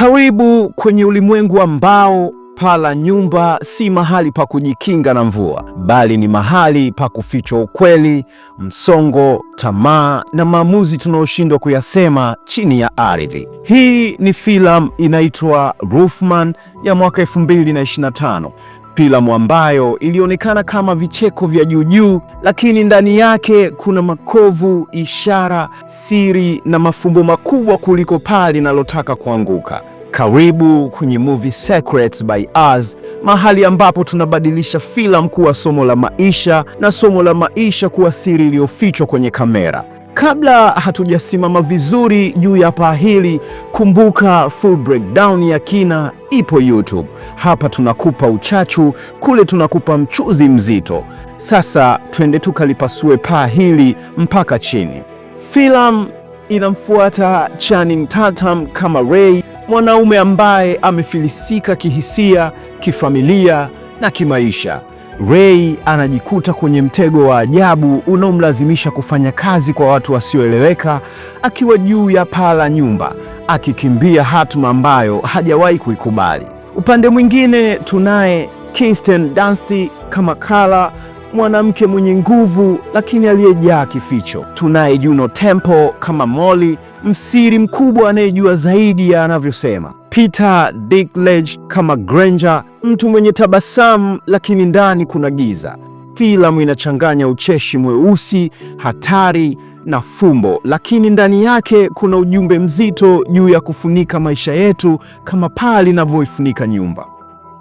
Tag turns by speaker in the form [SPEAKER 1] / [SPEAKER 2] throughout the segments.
[SPEAKER 1] Karibu kwenye ulimwengu ambao paa la nyumba si mahali pa kujikinga na mvua, bali ni mahali pa kufichwa ukweli, msongo, tamaa na maamuzi tunayoshindwa kuyasema chini ya ardhi. Hii ni filamu inaitwa Roofman ya mwaka 2025 filamu ambayo ilionekana kama vicheko vya juujuu, lakini ndani yake kuna makovu, ishara, siri na mafumbo makubwa kuliko paa linalotaka kuanguka. Karibu kwenye Movie Secrets by Us, mahali ambapo tunabadilisha filamu kuwa somo la maisha na somo la maisha kuwa siri iliyofichwa kwenye kamera. Kabla hatujasimama vizuri juu ya paa hili, kumbuka full breakdown ya kina ipo YouTube. Hapa tunakupa uchachu, kule tunakupa mchuzi mzito. Sasa twende tukalipasue paa hili mpaka chini. Filamu inamfuata Channing Tatum kama Ray, mwanaume ambaye amefilisika kihisia, kifamilia na kimaisha. Ray anajikuta kwenye mtego wa ajabu unaomlazimisha kufanya kazi kwa watu wasioeleweka, akiwa juu ya paa la nyumba akikimbia hatima ambayo hajawahi kuikubali. Upande mwingine tunaye Kirsten Dunst kama Kala mwanamke mwenye nguvu lakini aliyejaa kificho. Tunaye Juno Temple kama Molly, msiri mkubwa anayejua zaidi ya anavyosema. Peter Dinklage kama Granger, mtu mwenye tabasamu lakini ndani kuna giza. Filamu inachanganya ucheshi mweusi, hatari na fumbo, lakini ndani yake kuna ujumbe mzito juu ya kufunika maisha yetu kama paa linavyoifunika nyumba.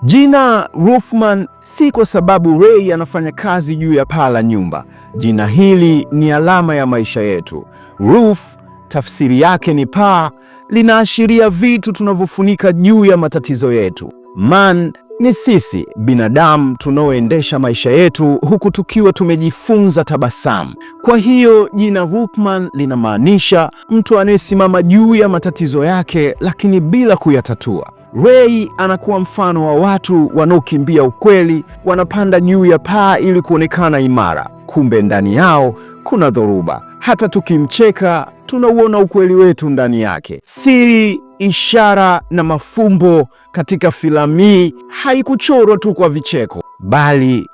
[SPEAKER 1] Jina Roofman si kwa sababu Ray anafanya kazi juu ya paa la nyumba. Jina hili ni alama ya maisha yetu. Roof tafsiri yake ni paa, linaashiria vitu tunavyofunika juu ya matatizo yetu. Man ni sisi binadamu tunaoendesha maisha yetu huku tukiwa tumejifunza tabasamu. Kwa hiyo jina Roofman linamaanisha mtu anayesimama juu ya matatizo yake, lakini bila kuyatatua. Ray anakuwa mfano wa watu wanaokimbia ukweli, wanapanda juu ya paa ili kuonekana imara, kumbe ndani yao kuna dhoruba. Hata tukimcheka tunauona ukweli wetu ndani yake. Siri, ishara na mafumbo katika filamu hii haikuchorwa tu kwa vicheko, bali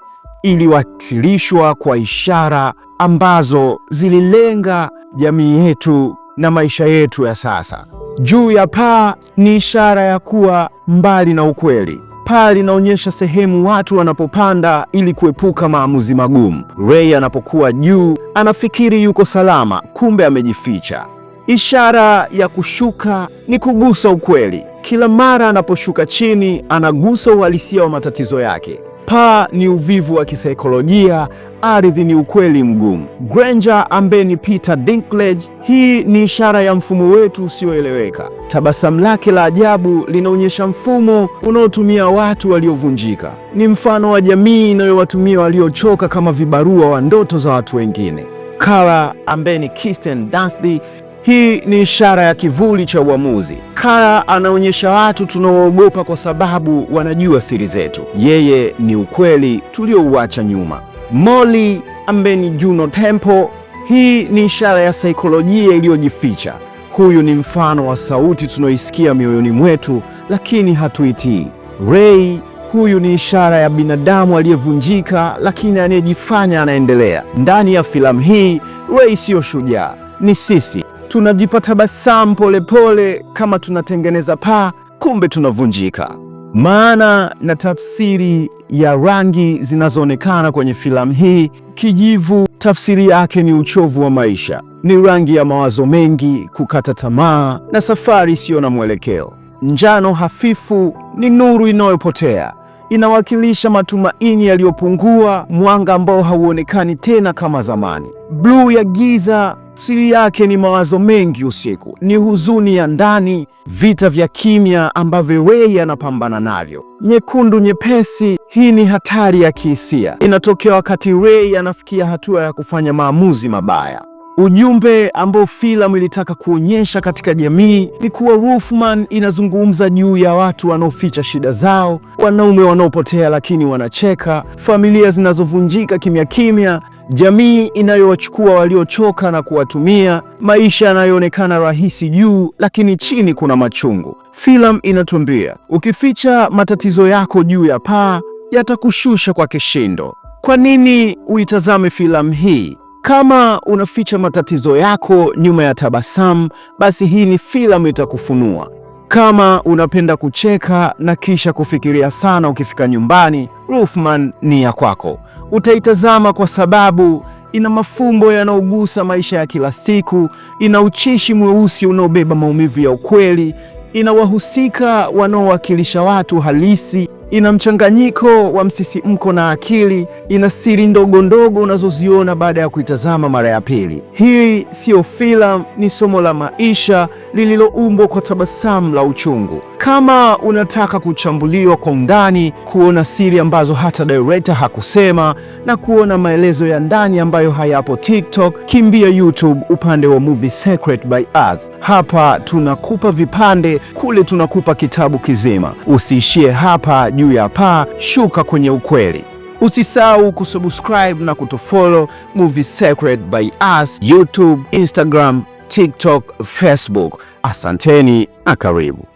[SPEAKER 1] iliwasilishwa kwa ishara ambazo zililenga jamii yetu na maisha yetu ya sasa. Juu ya paa ni ishara ya kuwa mbali na ukweli. Paa linaonyesha sehemu watu wanapopanda ili kuepuka maamuzi magumu. Ray anapokuwa juu anafikiri yuko salama, kumbe amejificha. Ishara ya kushuka ni kugusa ukweli. Kila mara anaposhuka chini, anagusa uhalisia wa matatizo yake. Paa ni uvivu wa kisaikolojia, ardhi ni ukweli mgumu. Granger ambaye ni Peter Dinklage, hii ni ishara ya mfumo wetu usioeleweka. Tabasamu lake la ajabu linaonyesha mfumo unaotumia watu waliovunjika. Ni mfano wa jamii inayowatumia waliochoka kama vibarua wa ndoto za watu wengine. Kara ambaye ni Kirsten Dunst hii ni ishara ya kivuli cha uamuzi. Kara anaonyesha watu tunaoogopa kwa sababu wanajua siri zetu. Yeye ni ukweli tuliouacha nyuma. Molly ambaye ni Juno Temple, hii ni ishara ya saikolojia iliyojificha. Huyu ni mfano wa sauti tunaoisikia mioyoni mwetu lakini hatuitii. Ray huyu ni ishara ya binadamu aliyevunjika lakini anayejifanya anaendelea. Ndani ya filamu hii, Ray siyo shujaa, ni sisi tunajipata basamu polepole kama tunatengeneza paa, kumbe tunavunjika. Maana na tafsiri ya rangi zinazoonekana kwenye filamu hii, kijivu tafsiri yake ni uchovu wa maisha, ni rangi ya mawazo mengi, kukata tamaa na safari isiyo na mwelekeo. Njano hafifu ni nuru inayopotea, inawakilisha matumaini yaliyopungua, mwanga ambao hauonekani tena kama zamani. Bluu ya giza Siri yake ni mawazo mengi usiku, ni huzuni ya ndani, vita vya kimya ambavyo Ray anapambana navyo. Nyekundu nyepesi, hii ni hatari ya kihisia, inatokea wakati Ray anafikia hatua ya kufanya maamuzi mabaya. Ujumbe ambao filamu ilitaka kuonyesha katika jamii ni kuwa Wolfman inazungumza juu ya watu wanaoficha shida zao, wanaume wanaopotea lakini wanacheka, familia zinazovunjika kimya kimya, jamii inayowachukua waliochoka na kuwatumia, maisha yanayoonekana rahisi juu, lakini chini kuna machungu. Filamu inatuambia ukificha matatizo yako juu ya paa yatakushusha kwa kishindo. Kwa nini uitazame filamu hii? Kama unaficha matatizo yako nyuma ya tabasamu, basi hii ni filamu itakufunua. Kama unapenda kucheka na kisha kufikiria sana ukifika nyumbani, Roofman ni ya kwako. Utaitazama kwa sababu ina mafumbo yanayogusa maisha ya kila siku, ina ucheshi mweusi unaobeba maumivu ya ukweli, ina wahusika wanaowakilisha watu halisi, ina mchanganyiko wa msisimko na akili, ina siri ndogo ndogo unazoziona baada ya kuitazama mara ya pili. Hii siyo filamu, ni somo la maisha lililoumbwa kwa tabasamu la uchungu. Kama unataka kuchambuliwa kwa undani, kuona siri ambazo hata director hakusema na kuona maelezo ya ndani ambayo hayapo TikTok, kimbia YouTube upande wa Movie Secret by Us. Hapa tunakupa vipande, kule tunakupa kitabu kizima. Usiishie hapa juu ya paa, shuka kwenye ukweli. Usisahau kusubscribe na kutofollow Movie Secret by Us YouTube, Instagram, TikTok, Facebook. Asanteni na karibu.